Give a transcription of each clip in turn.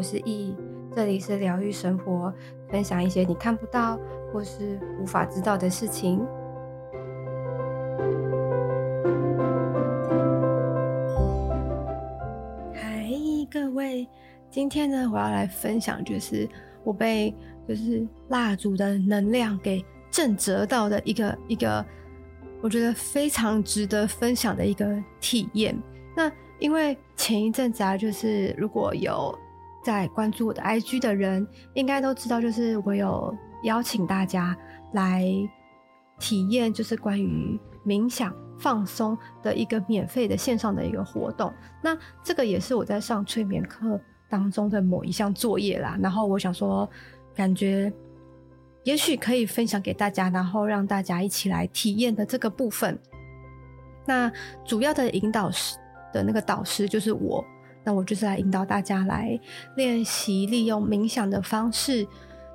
我是意、e，這裡是療癒生活，分享一些你看不到或是無法知道的事情。嗨，各位，今天呢，我要來分享，就是我被就是蠟燭的能量給震折到的一個一個，我覺得非常值得分享的一個體驗。那因為前一陣子啊，就是如果有在關注我的 IG 的人，應該都知道，就是我有邀請大家來體驗，就是關於冥想放鬆的一個免費的線上的一個活動。那這個也是我在上催眠課當中的某一項作業啦。然後我想說，感覺也許可以分享給大家，然後讓大家一起來體驗的這個部分。那主要的引導師的那個導師就是我。那我就是來引導大家來練習，利用冥想的方式，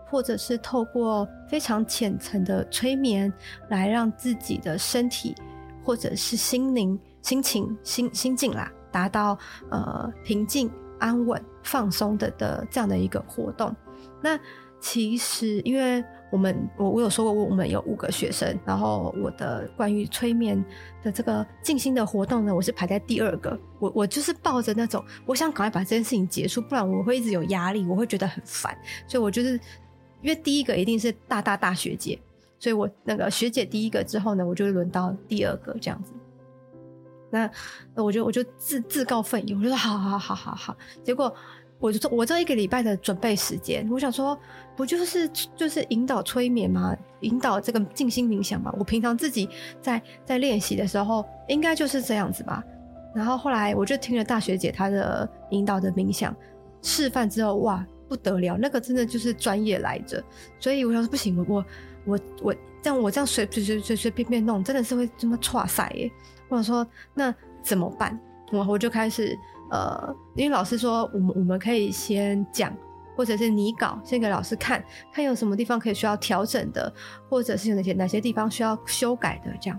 或者是透過非常淺層的催眠，來讓自己的身體或者是心靈、心情、心心境啦，達到呃平靜、安穩、放鬆的的這樣的一個活動。那其實因為。我們我我有說過，我們有五個學生，然後我的關於催眠的這個靜心的活動呢，我是排在第二個。我我就是抱着那種，我想趕快把這件事情結束，不然我會一直有壓力，我會覺得很煩。所以我就是因為第一個一定是大大大學姐，所以我那個學姐第一個之後呢，我就輪到第二個這樣子。那我就我就自自告奮勇，我就說好好好好好好。結果我就我這一個禮拜的準備時間，我想說，不就是就是引導催眠嘛，引導這個靜心冥想嘛。我平常自己在在練習的時候，應該就是這樣子吧。然後後來我就聽了大學姐她的引導的冥想示範之後，哇不得了，那個真的就是專業來着。所以我想說不行，我我我我這樣我這樣隨隨隨隨隨便便弄，真的是會這麼踹塞耶。或者說那怎麼辦？我我就開始呃，因為老師說我們我們可以先講，或者是擬稿先給老師看看有什麼地方可以需要調整的，或者是有哪些哪些地方需要修改的這樣。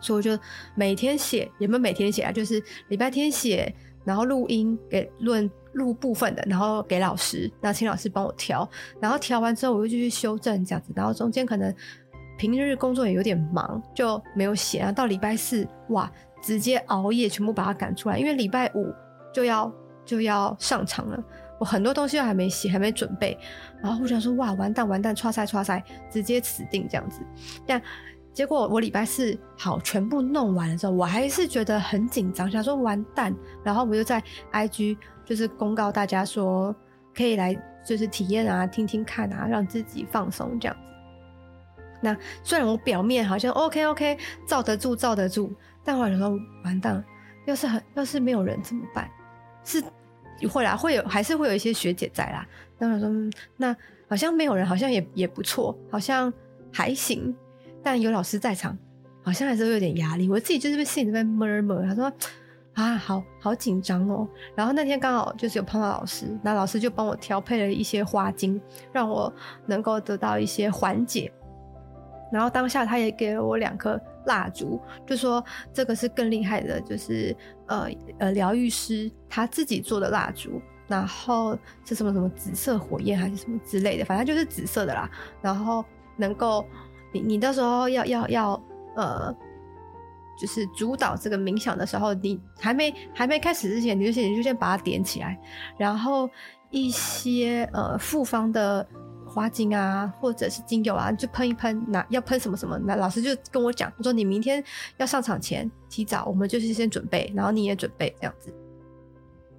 所以我就每天寫，有沒有每天寫啊，就是禮拜天寫，然後錄音給論錄部分的，然後給老師，那請老師幫我調，然後調完之後我又繼續修正這樣子，然後中間可能。平日工作也有點忙，就沒有寫啊。到禮拜四，哇，直接熬夜，全部把它趕出來，因為禮拜五就要就要上場了。我很多東西都還沒寫，還沒準備。然後我就想說，哇，完蛋，完蛋，唰塞，唰塞，直接死定這樣子。但結果我禮拜四好全部弄完了之後，我還是覺得很緊張，想說完蛋。然後我就在 IG 就是公告大家說，可以來就是體驗啊，聽聽看啊，讓自己放鬆這樣子。那雖然我表面好像 OK OK，罩得住罩得住，但後來想說完蛋了，要是很要是沒有人怎麼辦？是，會啦，會有還是會有一些學姐在啦。那我說那好像沒有人，好像也也不錯，好像還行。但有老師在場，好像還是會有點壓力。我自己就在那邊，心裡在那邊 murmur。他說啊，好好緊張哦。然後那天剛好就是有碰到老師，那老師就幫我調配了一些花精，讓我能夠得到一些緩解。然後當下他也給了我兩顆蠟燭，就說，這個是更厲害的，就是呃呃療癒師他自己做的蠟燭，然後是什麼什麼紫色火焰還是什麼之類的，反正就是紫色的啦。然後能夠你你到時候要要要呃，就是主導這個冥想的時候，你還沒還沒開始之前，你就先你就先把它點起來，然後一些呃複方的。花精啊，或者是精油啊，就噴一噴。那要噴什麼什麼？那老師就跟我講，說你明天要上場前提早，我們就是先準備，然後你也準備這樣子。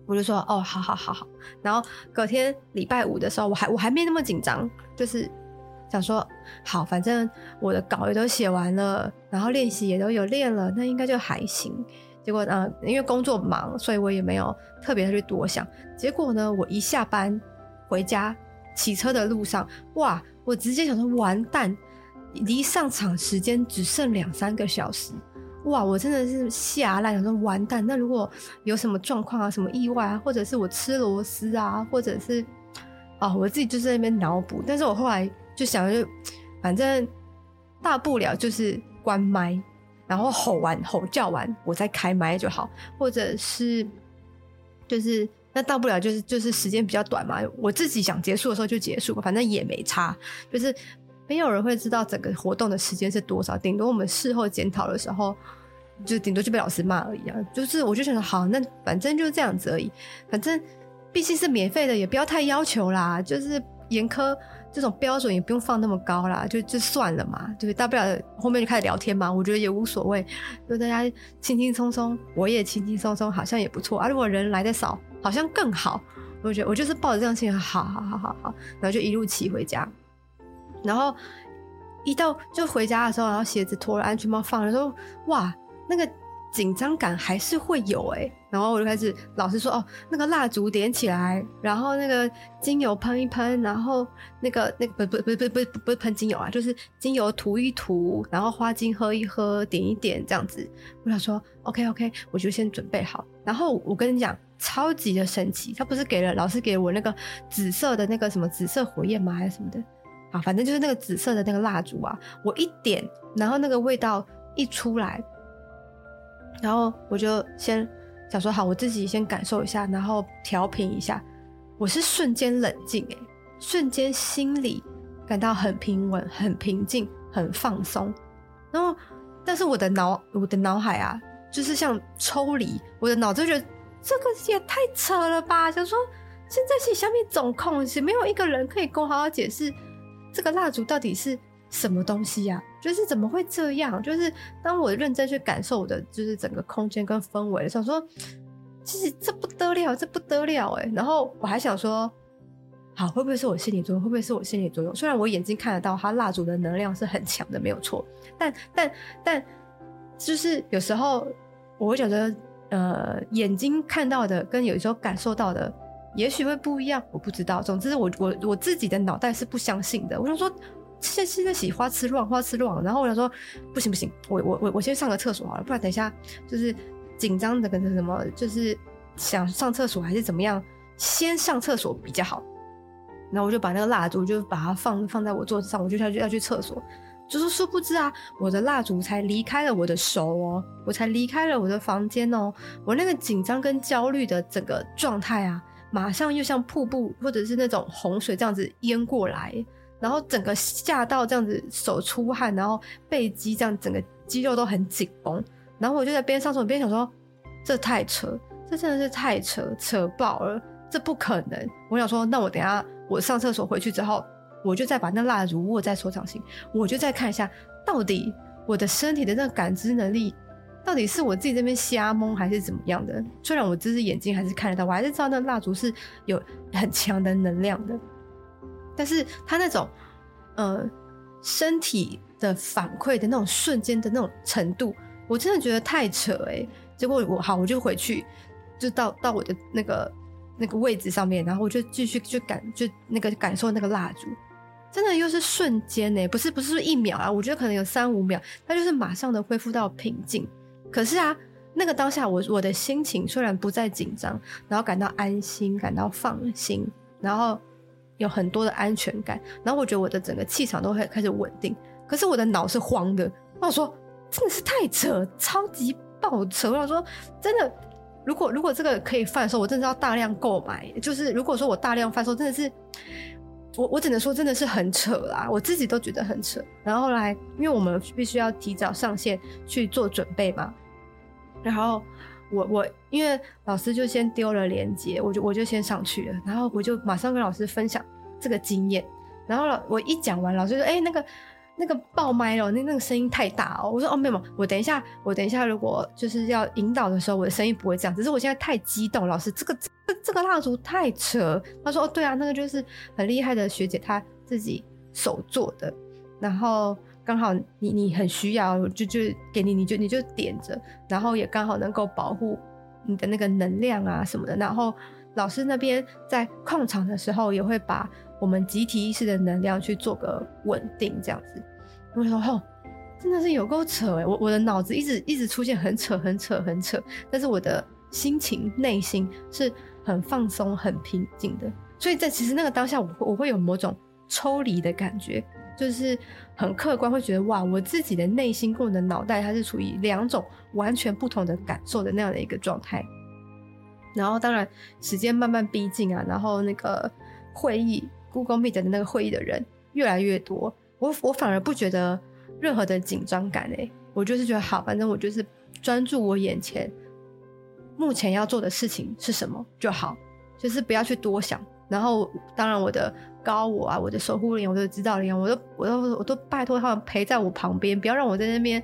我就說哦，好好好好。然後隔天禮拜五的時候，我還我還沒那麼緊張，就是想說好，反正我的稿也都寫完了，然後練習也都有練了，那應該就還行。結果呢、呃，因為工作忙，所以我也沒有特別去多想。結果呢，我一下班回家。騎車的路上，哇！我直接想說完蛋，離上場時間只剩兩三個小時，哇！我真的是嚇爛，想說完蛋。那如果有什麼狀況啊、什麼意外啊，或者是我吃螺絲啊，或者是啊、哦，我自己就是在那邊腦補。但是我後來就想就，就反正大不了就是關麥，然後吼完、吼叫完，我再開麥就好，或者是就是。那大不了就是就是時間比較短嘛，我自己想結束的時候就結束，反正也沒差，就是沒有人會知道整個活動的時間是多少，頂多我們事後檢討的時候，就頂多就被老師罵而已啊。就是我就想說好，那反正就是這樣子而已，反正畢竟是免費的，也不要太要求啦，就是嚴苛這種標準也不用放那麼高啦，就就算了嘛，對、就是，大不了後面就開始聊天嘛，我覺得也無所謂，就大家輕輕鬆鬆，我也輕輕鬆鬆，好像也不錯。而、啊、如果人來的少，好像更好，我覺得我就是抱着這樣心情，好好好好好，然後就一路騎回家。然後一到就回家的時候，然後鞋子脫了，安全帽放了之後，哇，那個緊張感還是會有哎、欸。然後我就開始，老師說，哦，那個蠟燭點起來，然後那個精油噴一噴，然後那個那個不不不不不不不是噴精油啊，就是精油塗一塗，然後花精喝一喝，點一點這樣子。我想說，OK OK，我就先準備好。然後我跟你講，超級的神奇，他不是給了老師給我那個紫色的那個什麼紫色火焰嗎？還是什麼的，好，反正就是那個紫色的那個蠟燭啊，我一點，然後那個味道一出來，然後我就先想說好，我自己先感受一下，然後調平一下，我是瞬間冷靜誒、欸，瞬間心裡感到很平穩、很平靜、很放鬆，然後但是我的腦我的腦海啊。就是像抽離我的腦子，就覺得這個也太扯了吧？想說現在是小米總控制，沒有一個人可以跟我好好解釋這個蠟燭到底是什麼東西呀、啊？就是怎麼會這樣？就是當我認真去感受我的，就是整個空間跟氛圍的時候，說其實這不得了，這不得了哎、欸！然後我還想說，好，會不會是我心理作用？會不會是我心理作用？雖然我眼睛看得到，它蠟燭的能量是很強的，沒有錯。但但但，就是有時候。我覺得呃，眼睛看到的跟有時候感受到的，也許會不一樣，我不知道。總之我，我我我自己的腦袋是不相信的。我想說，現現在洗花痴亂，花痴亂。然後我想說，不行不行，我我我我先上個廁所好了，不然等一下就是緊張的跟着什麼，就是想上廁所還是怎麼樣，先上廁所比較好。然後我就把那個蠟燭就把它放放在我桌子上，我就要去要去廁所。就是殊不知啊，我的蠟燭才離開了我的手哦，我才離開了我的房間哦，我那個緊張跟焦慮的整個狀態啊，馬上又像瀑布或者是那種洪水這樣子淹過來，然後整個嚇到這樣子手出汗，然後背肌這樣整個肌肉都很緊繃，然後我就在邊上廁所我邊想說，這太扯，這真的是太扯，扯爆了，這不可能。我想說，那我等一下我上廁所回去之後。我就再把那蠟燭握在手掌心，我就再看一下，到底我的身體的那個感知能力，到底是我自己這邊瞎蒙，還是怎麼樣的？雖然我只是眼睛還是看得到，我還是知道那蠟燭是有很強的能量的，但是他那種，呃，身體的反饋的那種瞬間的那種程度，我真的覺得太扯欸！結果我好，我就回去，就到到我的那個那個位置上面，然後我就繼續去感，就那個感受那個蠟燭。真的又是瞬間呢、欸，不是不是一秒啊，我覺得可能有三五秒，它就是馬上的恢復到平靜。可是啊，那個當下我，我我的心情雖然不再緊張，然後感到安心，感到放心，然後有很多的安全感，然後我覺得我的整個氣場都會開始穩定。可是我的腦是慌的，然後我說真的是太扯，超級爆扯。然後我說真的，如果如果這個可以販售，我真的是要大量購買。就是如果說我大量販售，真的是。我我只能說真的是很扯啦，我自己都覺得很扯。然後後來，因為我們必須要提早上線去做準備嘛，然後我我因為老師就先丟了鏈接，我就我就先上去了，然後我就馬上跟老師分享這個經驗，然後老我一講完，老師就說：“哎、欸，那個。”那個爆麥了，那那個聲音太大哦。我說哦，沒有，我等一下，我等一下，如果就是要引導的時候，我的聲音不會這樣。只是我現在太激動，老師，這個這個這個蠟燭太扯。他說哦，對啊，那個就是很厲害的學姐，她自己手做的，然後剛好你你很需要，就就給你，你就你就點着，然後也剛好能夠保護你的那個能量啊什麽的，然後。老師那邊在控場的時候，也會把我們集體意識的能量去做個穩定，這樣子。我說吼、喔，真的是有夠扯哎、欸！我我的腦子一直一直出現很扯、很扯、很扯，但是我的心情、內心是很放鬆、很平靜的。所以在其實那個當下我，我我會有某種抽離的感覺，就是很客觀，會覺得哇，我自己的內心跟我的腦袋它是處於兩種完全不同的感受的那樣的一個狀態。然後，當然時間慢慢逼近啊，然後那個會議，Google Meet 的那個會議的人越來越多，我我反而不覺得任何的緊張感誒、欸，我就是覺得好，反正我就是專注我眼前目前要做的事情是什麼就好，就是不要去多想。然後，當然我的高我啊，我的守護靈，我的指導靈，我都我都，我都，我，都我都拜托他們陪在我旁邊，不要讓我在那邊。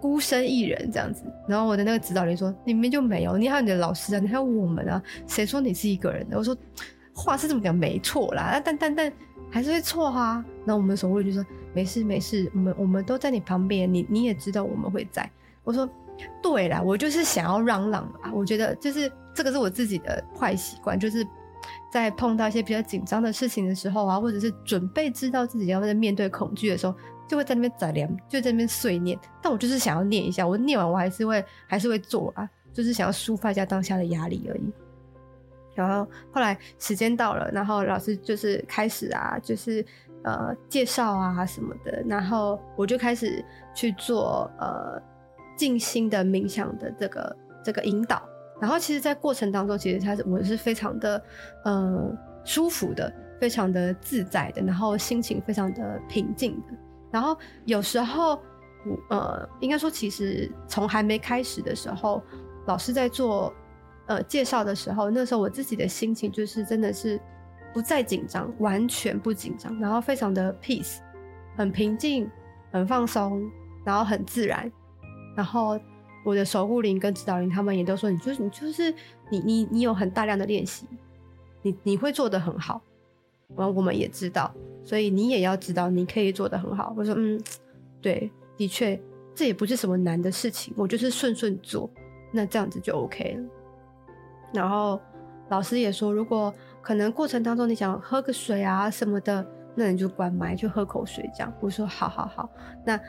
孤身一人這樣子，然後我的那個指導靈說：“你們就沒有，你還有你的老師啊，你還有我們啊，誰說你是一個人的？”我說：“話是這麼講，沒錯啦，但但但還是會錯哈、啊。”那我們所謂就說：“沒事沒事，我們我們都在你旁邊，你你也知道我們會在。”我說：“對啦，我就是想要嚷嚷啊，我覺得就是這個是我自己的壞習慣，就是在碰到一些比較緊張的事情的時候啊，或者是準備知道自己要不要面對恐懼的時候。”就會在那邊雜念，就在那邊碎念。但我就是想要念一下，我念完我還是會還是會做啊，就是想要抒發一下當下的壓力而已。然後後來時間到了，然後老師就是開始啊，就是呃介紹啊什麼的，然後我就開始去做呃靜心的冥想的這個這個引導。然後其實，在過程當中，其實他是我是非常的、呃、舒服的，非常的自在的，然後心情非常的平靜的。然後有時候，呃，應該說，其實從還沒開始的時候，老師在做呃介紹的時候，那時候我自己的心情就是真的是不再緊張，完全不緊張，然後非常的 peace，很平靜，很放鬆，然後很自然。然後我的守護靈跟指導靈他們也都說你、就是，你就是你就是你你你有很大量的練習，你你會做得很好。完，我們也知道，所以你也要知道，你可以做得很好。我說，嗯，對，的確，這也不是什麼難的事情，我就是順順做，那這樣子就 OK 了。然後老師也說，如果可能過程當中你想喝個水啊什麼的，那你就關麥，就喝口水這樣。我說，好好好，那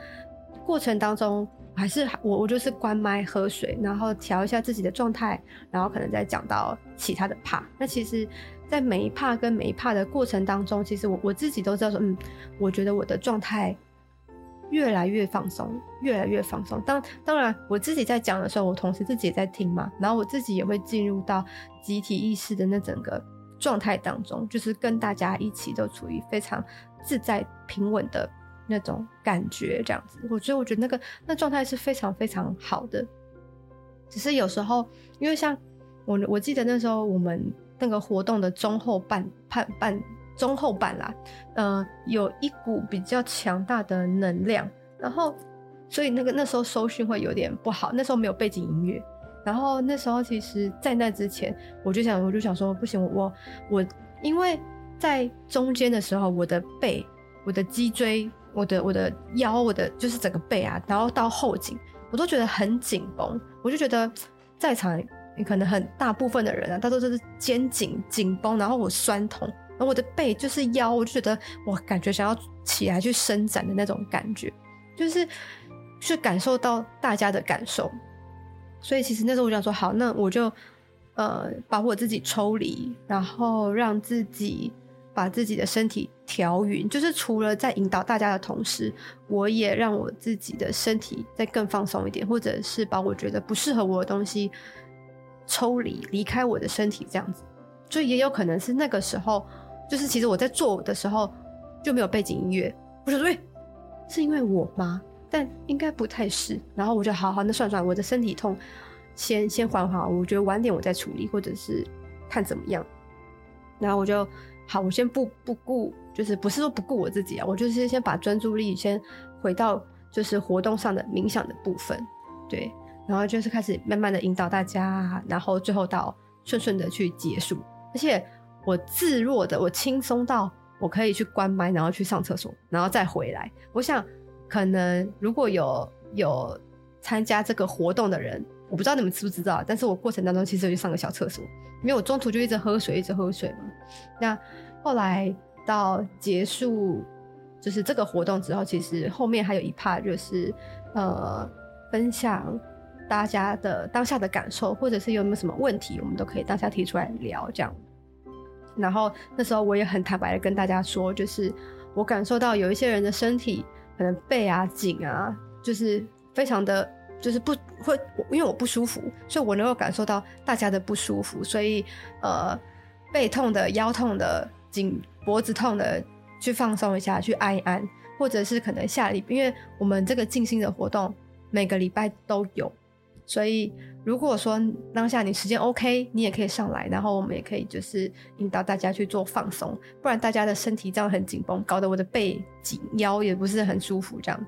過程當中還是我我就是關麥喝水，然後調一下自己的狀態，然後可能再講到其他的 part。那其實。在每一帕跟每一帕的過程當中，其實我我自己都知道說，嗯，我覺得我的狀態越來越放鬆，越來越放鬆。當當然，當然我自己在講的時候，我同時自己也在聽嘛，然後我自己也會進入到集體意識的那整個狀態當中，就是跟大家一起都處於非常自在、平穩的那種感覺，這樣子。所以我覺得那個那狀態是非常非常好的。只是有時候，因為像我，我記得那時候我們。那個活動的中後半半半中後半啦，呃，有一股比較強大的能量，然後所以那個那時候收訊會有點不好，那時候沒有背景音樂，然後那時候其實，在那之前，我就想，我就想說，不行，我我我，因為在中間的時候，我的背、我的脊椎、我的我的腰、我的就是整個背啊，然後到後頸，我都覺得很緊繃，我就覺得在場。可能很大部分的人啊，他都是肩頸緊繃，然後我痠痛，而我的背就是腰，我就覺得我感覺想要起來去伸展的那種感覺，就是去感受到大家的感受。所以其實那時候我想說，好，那我就呃把我自己抽離，然後讓自己把自己的身體調勻，就是除了在引導大家的同時，我也讓我自己的身體再更放鬆一點，或者是把我覺得不適合我的東西。抽離離開我的身體，這樣子，所以也有可能是那個時候，就是其實我在做的時候就沒有背景音樂。我想說，欸，是因為我嗎？但應該不太是。然後我就好好，那算了算了，我的身體痛，先先緩緩。我覺得晚點我再處理，或者是看怎麼樣。然後我就好，我先不不顧，就是不是說不顧我自己啊，我就是先把專注力先回到就是活動上的冥想的部分，對。然後就是開始慢慢的引導大家，然後最後到順順的去結束。而且我自若的，我輕鬆到我可以去關麥，然後去上廁所，然後再回來。我想，可能如果有有參加這個活動的人，我不知道你們知不知道，但是我過程當中其實我就上個小廁所，因為我中途就一直喝水，一直喝水嘛。那後來到結束，就是這個活動之後，其實後面還有一 part 就是呃分享。大家的當下的感受，或者是有沒有什麼問題，我們都可以當下提出來聊這樣。然後那時候我也很坦白的跟大家說，就是我感受到有一些人的身體可能背啊、頸啊，就是非常的，就是不會我，因為我不舒服，所以我能夠感受到大家的不舒服，所以呃，背痛的、腰痛的、頸脖子痛的，去放鬆一下，去按一按，或者是可能下禮拜，因為我們這個靜心的活動每個禮拜都有。所以，如果說當下你時間 OK，你也可以上來，然後我們也可以就是引導大家去做放鬆，不然大家的身體這樣很緊繃，搞得我的背、頸、腰也不是很舒服這樣子。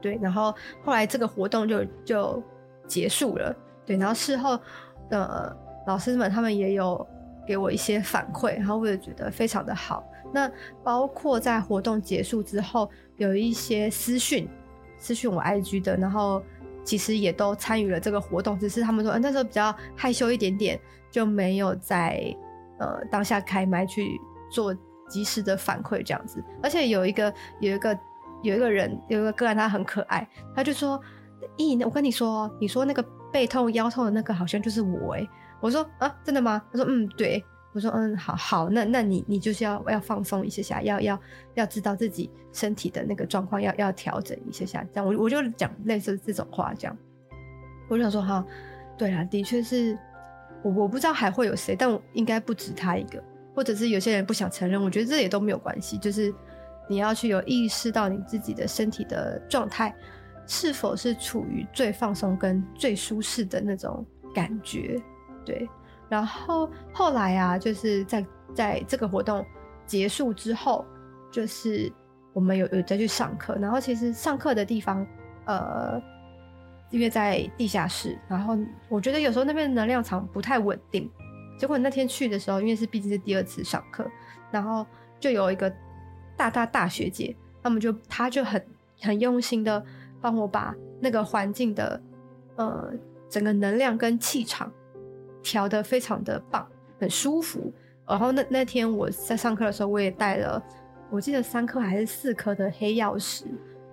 對，然後後來這個活動就就結束了。對，然後事後的，呃，老師們他們也有給我一些反饋，然後我也覺得非常的好。那包括在活動結束之後，有一些私訊私訊我 IG 的，然後。其實也都參與了這個活動，只是他們說，呃、那時候比較害羞一點點，就沒有在呃當下開麥去做及時的反饋這樣子。而且有一個有一個有一個人有一個個案，他很可愛，他就說：“咦、欸，我跟你說，你說那個背痛腰痛的那個好像就是我哎、欸。”我說：“啊，真的嗎？”他說：“嗯，對。”我說，嗯，好好，那那你你就是要要放鬆一下下，要要要知道自己身體的那個狀況，要要調整一下下。這樣我我就講類似這種話，這樣。我就想說哈，對啦，的確是，我我不知道還會有誰，但我應該不止他一個，或者是有些人不想承認，我覺得這也都沒有關係，就是你要去有意識到你自己的身體的狀態是否是處於最放鬆跟最舒適的那種感覺，對。然後後來啊，就是在在這個活動結束之後，就是我們有有再去上課，然後其實上課的地方，呃，因為在地下室，然後我覺得有時候那邊能量場不太穩定，結果那天去的時候，因為是畢竟是第二次上課，然後就有一個大大大學姐，他們就她就很很用心的幫我把那個環境的，呃，整個能量跟氣場調的非常的棒，很舒服。然後那那天我在上課的時候，我也帶了，我記得三顆還是四顆的黑曜石，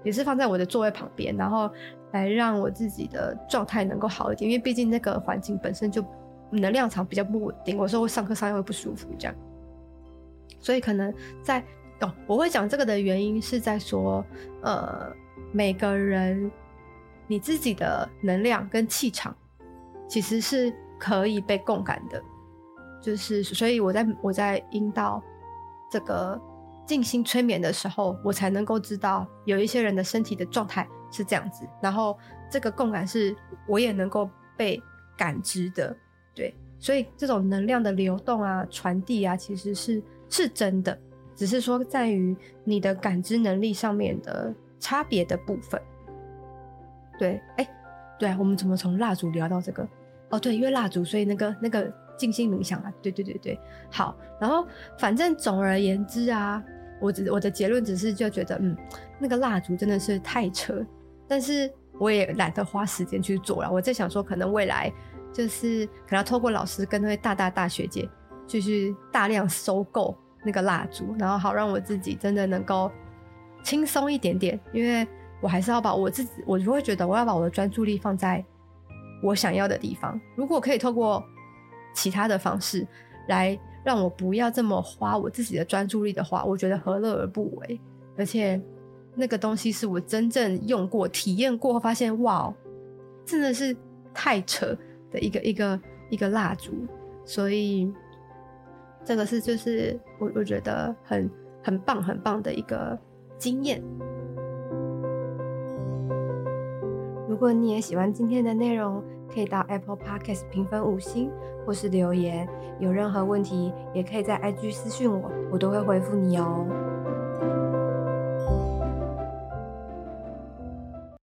也是放在我的座位旁邊，然後來讓我自己的狀態能夠好一點。因為畢竟那個環境本身就能量場比較不穩定，我說我上課上也會不舒服。這樣，所以可能在哦，我會講這個的原因是在說，呃，每個人你自己的能量跟氣場其實是。可以被共感的，就是所以我在我在引導這個靜心催眠的時候，我才能夠知道有一些人的身體的狀態是這樣子，然後這個共感是我也能夠被感知的，對，所以這種能量的流動啊、傳遞啊，其實是是真的，只是說在於你的感知能力上面的差別的部分。對，誒對，我們怎麼從蠟燭聊到這個？哦，對，因為蠟燭，所以那個那個靜心冥想啊，對對對對，好，然後反正總而言之啊，我只我的結論只是就覺得，嗯，那個蠟燭真的是太扯，但是我也懶得花時間去做了。我在想說，可能未來就是可能要透過老師跟那位大大大學姐，繼續大量收購那個蠟燭，然後好讓我自己真的能夠輕鬆一點點，因為我還是要把我自己，我就會覺得我要把我的專注力放在。我想要的地方，如果可以透過其他的方式來讓我不要這麼花我自己的專注力的話，我覺得何樂而不為？而且那個東西是我真正用過、體驗過後發現，哇，真的是太扯的一個一個一個蠟燭，所以這個是就是我我覺得很很棒很棒的一個經驗。如果你也喜歡今天的內容，可以到 Apple Podcast 評分五星，或是留言。有任何問題，也可以在 IG 私信我，我都會回復你哦。